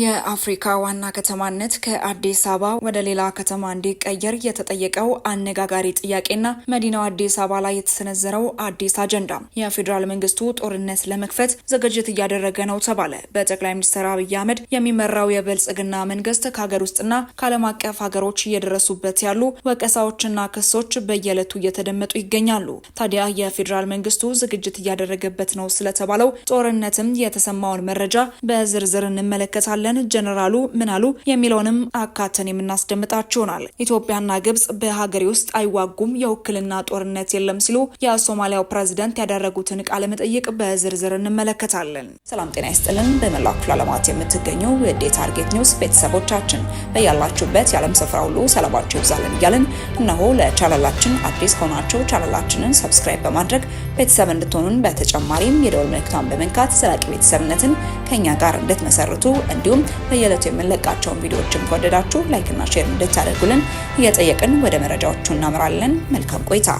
የአፍሪካ ዋና ከተማነት ከአዲስ አበባ ወደ ሌላ ከተማ እንዲቀየር የተጠየቀው አነጋጋሪ ጥያቄና መዲናው አዲስ አበባ ላይ የተሰነዘረው አዲስ አጀንዳ የፌዴራል መንግስቱ ጦርነት ለመክፈት ዝግጅት እያደረገ ነው ተባለ። በጠቅላይ ሚኒስትር አብይ አህመድ የሚመራው የብልጽግና መንግስት ከሀገር ውስጥና ከዓለም አቀፍ ሀገሮች እየደረሱበት ያሉ ወቀሳዎችና ክሶች በየዕለቱ እየተደመጡ ይገኛሉ። ታዲያ የፌዴራል መንግስቱ ዝግጅት እያደረገበት ነው ስለተባለው ጦርነትም የተሰማውን መረጃ በዝርዝር እንመለከታለን። እናያለን። ጀነራሉ ምን አሉ የሚለውንም አካተን የምናስደምጣችሁ ኢትዮጵያና ግብጽ በሀገሬ ውስጥ አይዋጉም፣ የውክልና ጦርነት የለም ሲሉ የሶማሊያው ፕሬዝደንት ያደረጉትን ቃለ መጠይቅ በዝርዝር እንመለከታለን። ሰላም ጤና ይስጥልን። በመላ ክፍለ ዓለማት የምትገኙ የዴ ታርጌት ኒውስ ቤተሰቦቻችን በያላችሁበት የዓለም ስፍራ ሁሉ ሰላማችሁ ይብዛልን እያልን እነሆ ለቻናላችን አዲስ ከሆናችሁ ቻናላችንን ሰብስክራይብ በማድረግ ቤተሰብ እንድትሆኑን በተጨማሪም የደወል ምልክቷን በመንካት ዘላቂ ቤተሰብነትን ከእኛ ጋር እንድትመሰርቱ እንዲሁም እንዲሁም በየዕለቱ የምንለቃቸውን ቪዲዮዎችን ከወደዳችሁ ላይክና ሼር እንድታደርጉልን እየጠየቅን ወደ መረጃዎቹ እናምራለን። መልካም ቆይታ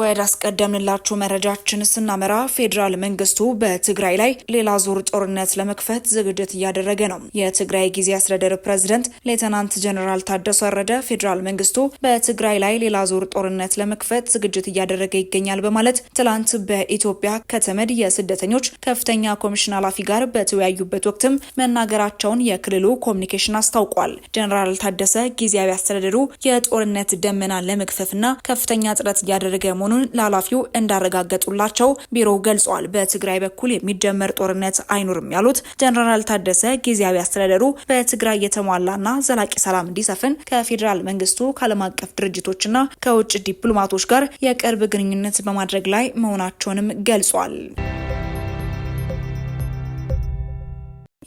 ወደ አስቀደምንላችሁ መረጃችን ስናመራ ፌዴራል መንግስቱ በትግራይ ላይ ሌላ ዙር ጦርነት ለመክፈት ዝግጅት እያደረገ ነው። የትግራይ ጊዜ አስተዳደር ፕሬዝደንት ሌተናንት ጀኔራል ታደሰ ወረደ ፌዴራል መንግስቱ በትግራይ ላይ ሌላ ዙር ጦርነት ለመክፈት ዝግጅት እያደረገ ይገኛል በማለት ትላንት በኢትዮጵያ ከተመድ የስደተኞች ከፍተኛ ኮሚሽን ኃላፊ ጋር በተወያዩበት ወቅትም መናገራቸውን የክልሉ ኮሚኒኬሽን አስታውቋል። ጀኔራል ታደሰ ጊዜያዊ አስተዳደሩ የጦርነት ደመና ለመክፈፍና ከፍተኛ ጥረት እያደረገ መሆኑን ለኃላፊው እንዳረጋገጡላቸው ቢሮው ገልጿል። በትግራይ በኩል የሚጀመር ጦርነት አይኖርም ያሉት ጀነራል ታደሰ ጊዜያዊ አስተዳደሩ በትግራይ የተሟላና ዘላቂ ሰላም እንዲሰፍን ከፌዴራል መንግስቱ ከዓለም አቀፍ ድርጅቶችና ከውጭ ዲፕሎማቶች ጋር የቅርብ ግንኙነት በማድረግ ላይ መሆናቸውንም ገልጿል።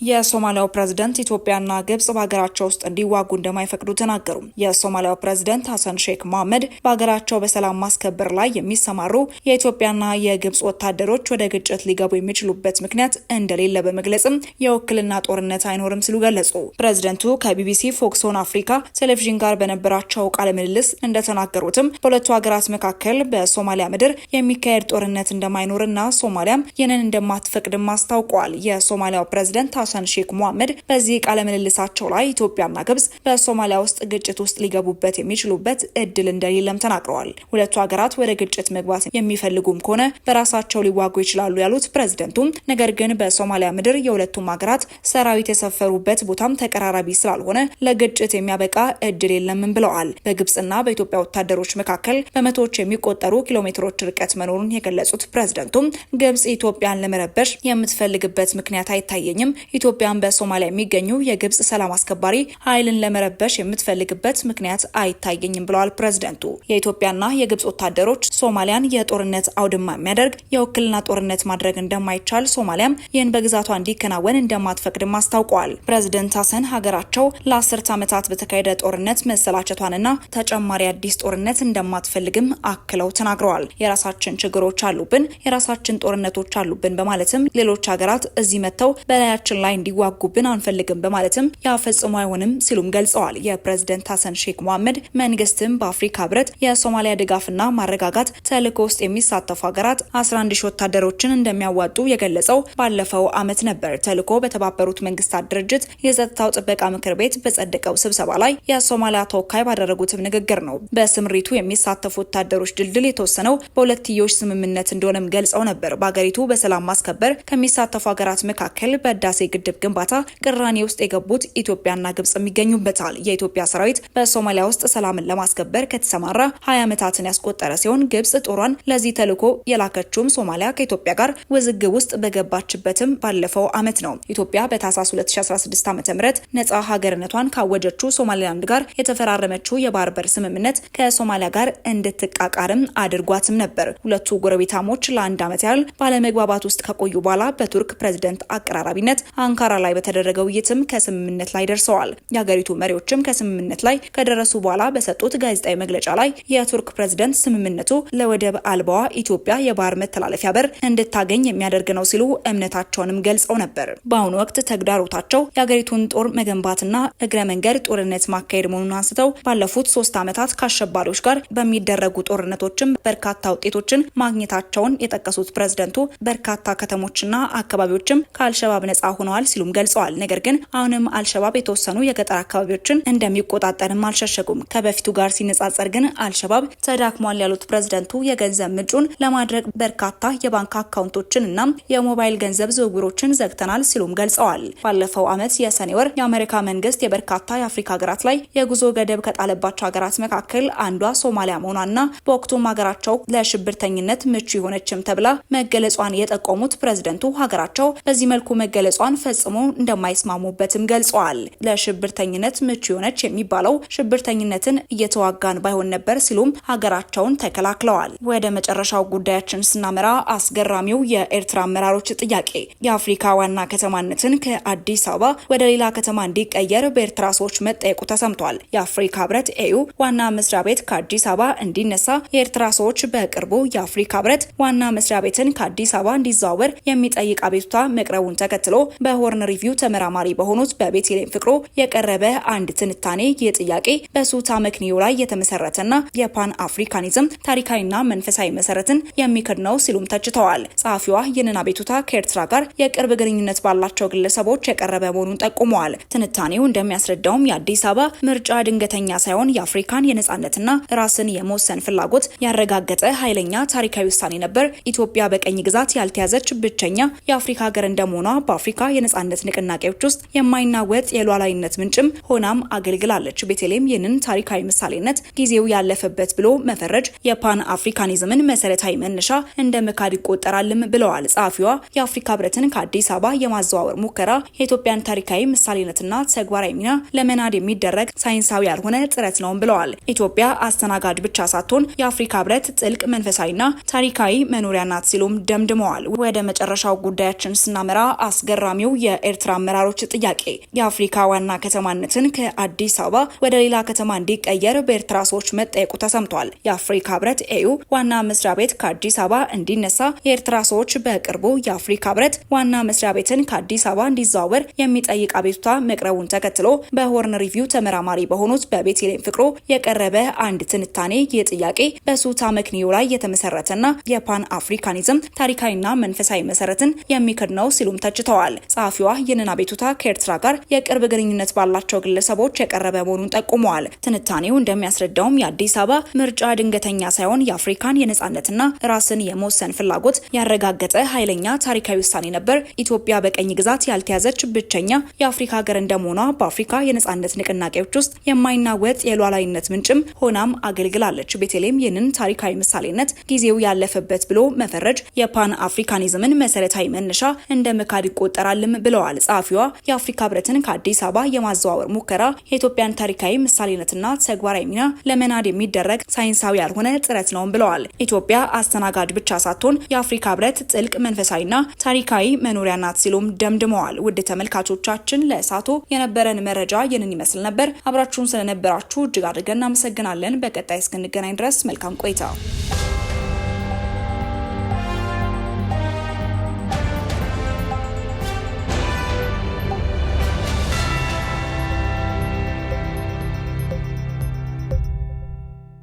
የሶማሊያው ፕሬዝደንት ኢትዮጵያና ግብጽ በሀገራቸው ውስጥ እንዲዋጉ እንደማይፈቅዱ ተናገሩ። የሶማሊያው ፕሬዝደንት ሀሰን ሼክ መሐመድ በሀገራቸው በሰላም ማስከበር ላይ የሚሰማሩ የኢትዮጵያና የግብጽ ወታደሮች ወደ ግጭት ሊገቡ የሚችሉበት ምክንያት እንደሌለ በመግለጽም የውክልና ጦርነት አይኖርም ሲሉ ገለጹ። ፕሬዝደንቱ ከቢቢሲ ፎክስ አፍሪካ ቴሌቪዥን ጋር በነበራቸው ቃለ ምልልስ እንደተናገሩትም በሁለቱ ሀገራት መካከል በሶማሊያ ምድር የሚካሄድ ጦርነት እንደማይኖርና ሶማሊያም ይህንን እንደማትፈቅድም አስታውቋል። የሶማሊያው ፕሬዝደንት ሐሰን ሼክ ሙሐመድ በዚህ ቃለ ምልልሳቸው ላይ ኢትዮጵያና ግብጽ በሶማሊያ ውስጥ ግጭት ውስጥ ሊገቡበት የሚችሉበት እድል እንደሌለም ተናግረዋል። ሁለቱ ሀገራት ወደ ግጭት መግባት የሚፈልጉም ከሆነ በራሳቸው ሊዋጉ ይችላሉ ያሉት ፕሬዝደንቱም፣ ነገር ግን በሶማሊያ ምድር የሁለቱም ሀገራት ሰራዊት የሰፈሩበት ቦታም ተቀራራቢ ስላልሆነ ለግጭት የሚያበቃ እድል የለምም ብለዋል። በግብጽና በኢትዮጵያ ወታደሮች መካከል በመቶዎች የሚቆጠሩ ኪሎሜትሮች ርቀት መኖሩን የገለጹት ፕሬዝደንቱም ግብጽ ኢትዮጵያን ለመረበሽ የምትፈልግበት ምክንያት አይታየኝም፣ ኢትዮጵያን በሶማሊያ የሚገኙ የግብጽ ሰላም አስከባሪ ኃይልን ለመረበሽ የምትፈልግበት ምክንያት አይታየኝም ብለዋል ፕሬዝደንቱ። የኢትዮጵያና የግብጽ ወታደሮች ሶማሊያን የጦርነት አውድማ የሚያደርግ የውክልና ጦርነት ማድረግ እንደማይቻል፣ ሶማሊያም ይህን በግዛቷ እንዲከናወን እንደማትፈቅድም አስታውቀዋል። ፕሬዝደንት ሀሰን ሀገራቸው ለአስርት ዓመታት በተካሄደ ጦርነት መሰላቸቷንና ተጨማሪ አዲስ ጦርነት እንደማትፈልግም አክለው ተናግረዋል። የራሳችን ችግሮች አሉብን፣ የራሳችን ጦርነቶች አሉብን በማለትም ሌሎች ሀገራት እዚህ መጥተው በላያችን ላይ እንዲዋጉብን አንፈልግም በማለትም ያፈጽሞ አይሆንም ሲሉም ገልጸዋል። የፕሬዝደንት ሀሰን ሼክ መሐመድ መንግስትም በአፍሪካ ህብረት የሶማሊያ ድጋፍና ማረጋጋት ተልእኮ ውስጥ የሚሳተፉ ሀገራት 11 ሺህ ወታደሮችን እንደሚያዋጡ የገለጸው ባለፈው አመት ነበር። ተልእኮ በተባበሩት መንግስታት ድርጅት የጸጥታው ጥበቃ ምክር ቤት በጸደቀው ስብሰባ ላይ የሶማሊያ ተወካይ ባደረጉትም ንግግር ነው። በስምሪቱ የሚሳተፉ ወታደሮች ድልድል የተወሰነው በሁለትዮሽ ስምምነት እንደሆነም ገልጸው ነበር። በሀገሪቱ በሰላም ማስከበር ከሚሳተፉ ሀገራት መካከል በህዳሴ ግድብ ግንባታ ቅራኔ ውስጥ የገቡት ኢትዮጵያና ግብጽም ይገኙበታል። የኢትዮጵያ ሰራዊት በሶማሊያ ውስጥ ሰላምን ለማስከበር ከተሰማራ ሀያ ዓመታትን ያስቆጠረ ሲሆን ግብጽ ጦሯን ለዚህ ተልዕኮ የላከችውም ሶማሊያ ከኢትዮጵያ ጋር ውዝግብ ውስጥ በገባችበትም ባለፈው ዓመት ነው። ኢትዮጵያ በታህሳስ 2016 ዓ.ም ነጻ ሀገርነቷን ካወጀችው ሶማሊላንድ ጋር የተፈራረመችው የባህር በር ስምምነት ከሶማሊያ ጋር እንድትቃቃርም አድርጓትም ነበር። ሁለቱ ጎረቤታሞች ለአንድ ዓመት ያህል ባለመግባባት ውስጥ ከቆዩ በኋላ በቱርክ ፕሬዝደንት አቀራራቢነት አንካራ ላይ በተደረገ ውይይትም ከስምምነት ላይ ደርሰዋል። የሀገሪቱ መሪዎችም ከስምምነት ላይ ከደረሱ በኋላ በሰጡት ጋዜጣዊ መግለጫ ላይ የቱርክ ፕሬዝደንት ስምምነቱ ለወደብ አልባዋ ኢትዮጵያ የባህር መተላለፊያ በር እንድታገኝ የሚያደርግ ነው ሲሉ እምነታቸውንም ገልጸው ነበር። በአሁኑ ወቅት ተግዳሮታቸው የሀገሪቱን ጦር መገንባትና እግረ መንገድ ጦርነት ማካሄድ መሆኑን አንስተው ባለፉት ሶስት ዓመታት ከአሸባሪዎች ጋር በሚደረጉ ጦርነቶችም በርካታ ውጤቶችን ማግኘታቸውን የጠቀሱት ፕሬዝደንቱ በርካታ ከተሞችና አካባቢዎችም ከአልሸባብ ነጻ ሆነዋል ሆነዋል ሲሉም ገልጸዋል። ነገር ግን አሁንም አልሸባብ የተወሰኑ የገጠር አካባቢዎችን እንደሚቆጣጠርም አልሸሸጉም። ከበፊቱ ጋር ሲነጻጸር ግን አልሸባብ ተዳክሟል ያሉት ፕሬዝደንቱ የገንዘብ ምንጩን ለማድረግ በርካታ የባንክ አካውንቶችን እና የሞባይል ገንዘብ ዝውውሮችን ዘግተናል ሲሉም ገልጸዋል። ባለፈው ዓመት የሰኔ ወር የአሜሪካ መንግስት የበርካታ የአፍሪካ ሀገራት ላይ የጉዞ ገደብ ከጣለባቸው ሀገራት መካከል አንዷ ሶማሊያ መሆኗና በወቅቱም ሀገራቸው ለሽብርተኝነት ምቹ የሆነችም ተብላ መገለጿን የጠቆሙት ፕሬዝደንቱ ሀገራቸው በዚህ መልኩ መገለጿን ፈጽሞ እንደማይስማሙበትም ገልጸዋል። ለሽብርተኝነት ምቹ የሆነች የሚባለው ሽብርተኝነትን እየተዋጋን ባይሆን ነበር ሲሉም ሀገራቸውን ተከላክለዋል። ወደ መጨረሻው ጉዳያችን ስናመራ አስገራሚው የኤርትራ አመራሮች ጥያቄ የአፍሪካ ዋና ከተማነትን ከአዲስ አበባ ወደ ሌላ ከተማ እንዲቀየር በኤርትራ ሰዎች መጠየቁ ተሰምቷል። የአፍሪካ ህብረት ኤዩ ዋና መስሪያ ቤት ከአዲስ አበባ እንዲነሳ የኤርትራ ሰዎች በቅርቡ የአፍሪካ ህብረት ዋና መስሪያ ቤትን ከአዲስ አበባ እንዲዘዋወር የሚጠይቅ አቤቱታ መቅረቡን ተከትሎ በ በሆርን ሪቪው ተመራማሪ በሆኑት በቤቴሌም ፍቅሮ የቀረበ አንድ ትንታኔ የጥያቄ በሱታ መክኒዮ ላይ የተመሰረተና የፓን አፍሪካኒዝም ታሪካዊና መንፈሳዊ መሰረትን የሚክድ ነው ሲሉም ተችተዋል። ጸሐፊዋ ይህንን አቤቱታ ከኤርትራ ጋር የቅርብ ግንኙነት ባላቸው ግለሰቦች የቀረበ መሆኑን ጠቁመዋል። ትንታኔው እንደሚያስረዳውም የአዲስ አበባ ምርጫ ድንገተኛ ሳይሆን የአፍሪካን የነጻነትና ራስን የመወሰን ፍላጎት ያረጋገጠ ኃይለኛ ታሪካዊ ውሳኔ ነበር። ኢትዮጵያ በቀኝ ግዛት ያልተያዘች ብቸኛ የአፍሪካ ሀገር እንደመሆኗ በአፍሪካ የነጻነት ንቅናቄዎች ውስጥ የማይናወጥ የሉዓላዊነት ምንጭም ሆናም አገልግላለች። ቤተልሔም ይህንን ታሪካዊ ምሳሌነት ጊዜው ያለፈበት ብሎ መፈረጅ የፓን አፍሪካኒዝምን መሰረታዊ መነሻ እንደ መካድ ይቆጠራልም ብለዋል ጸሐፊዋ። የአፍሪካ ህብረትን ከአዲስ አበባ የማዘዋወር ሙከራ የኢትዮጵያን ታሪካዊ ምሳሌነትና ተግባራዊ ሚና ለመናድ የሚደረግ ሳይንሳዊ ያልሆነ ጥረት ነውም ብለዋል። ኢትዮጵያ አስተናጋጅ ብቻ ሳትሆን የአፍሪካ ህብረት ጥልቅ መንፈሳዊና ታሪካዊ መኖሪያ ናት ሲሉም ደምድመዋል። ወደ መጨረሻው ጉዳያችን ስናመራ አስገራሚ የአስፈጻሚው የኤርትራ አመራሮች ጥያቄ የአፍሪካ ዋና ከተማነትን ከአዲስ አበባ ወደ ሌላ ከተማ እንዲቀየር በኤርትራ ሰዎች መጠየቁ ተሰምቷል። የአፍሪካ ህብረት ኤዩ ዋና መስሪያ ቤት ከአዲስ አበባ እንዲነሳ የኤርትራ ሰዎች በቅርቡ የአፍሪካ ህብረት ዋና መስሪያ ቤትን ከአዲስ አበባ እንዲዘዋወር የሚጠይቅ አቤቱታ መቅረቡን ተከትሎ በሆርን ሪቪው ተመራማሪ በሆኑት በቤቴሌም ፍቅሮ የቀረበ አንድ ትንታኔ ይህ ጥያቄ በሱታ መክኒዮ ላይ የተመሰረተና የፓን አፍሪካኒዝም ታሪካዊና መንፈሳዊ መሰረትን የሚክድ ነው ሲሉም ተችተዋል። ጸሐፊዋ ይህንን አቤቱታ ከኤርትራ ጋር የቅርብ ግንኙነት ባላቸው ግለሰቦች የቀረበ መሆኑን ጠቁመዋል። ትንታኔው እንደሚያስረዳውም የአዲስ አበባ ምርጫ ድንገተኛ ሳይሆን የአፍሪካን የነጻነትና ራስን የመወሰን ፍላጎት ያረጋገጠ ኃይለኛ ታሪካዊ ውሳኔ ነበር። ኢትዮጵያ በቀኝ ግዛት ያልተያዘች ብቸኛ የአፍሪካ ሀገር እንደመሆኗ በአፍሪካ የነጻነት ንቅናቄዎች ውስጥ የማይናወጥ የሉዓላዊነት ምንጭም ሆናም አገልግላለች። ቤተልሔም ይህንን ታሪካዊ ምሳሌነት ጊዜው ያለፈበት ብሎ መፈረጅ የፓን አፍሪካኒዝምን መሰረታዊ መነሻ እንደ መካድ ይቆጠራል ይገባልም ብለዋል ጸሐፊዋ። የአፍሪካ ህብረትን ከአዲስ አበባ የማዘዋወር ሙከራ የኢትዮጵያን ታሪካዊ ምሳሌነትና ተግባራዊ ሚና ለመናድ የሚደረግ ሳይንሳዊ ያልሆነ ጥረት ነውም ብለዋል። ኢትዮጵያ አስተናጋጅ ብቻ ሳትሆን የአፍሪካ ህብረት ጥልቅ መንፈሳዊና ታሪካዊ መኖሪያ ናት ሲሉም ደምድመዋል። ውድ ተመልካቾቻችን ለእሳቶ የነበረን መረጃ ይህንን ይመስል ነበር። አብራችሁን ስለነበራችሁ እጅግ አድርገን እናመሰግናለን። በቀጣይ እስክንገናኝ ድረስ መልካም ቆይታ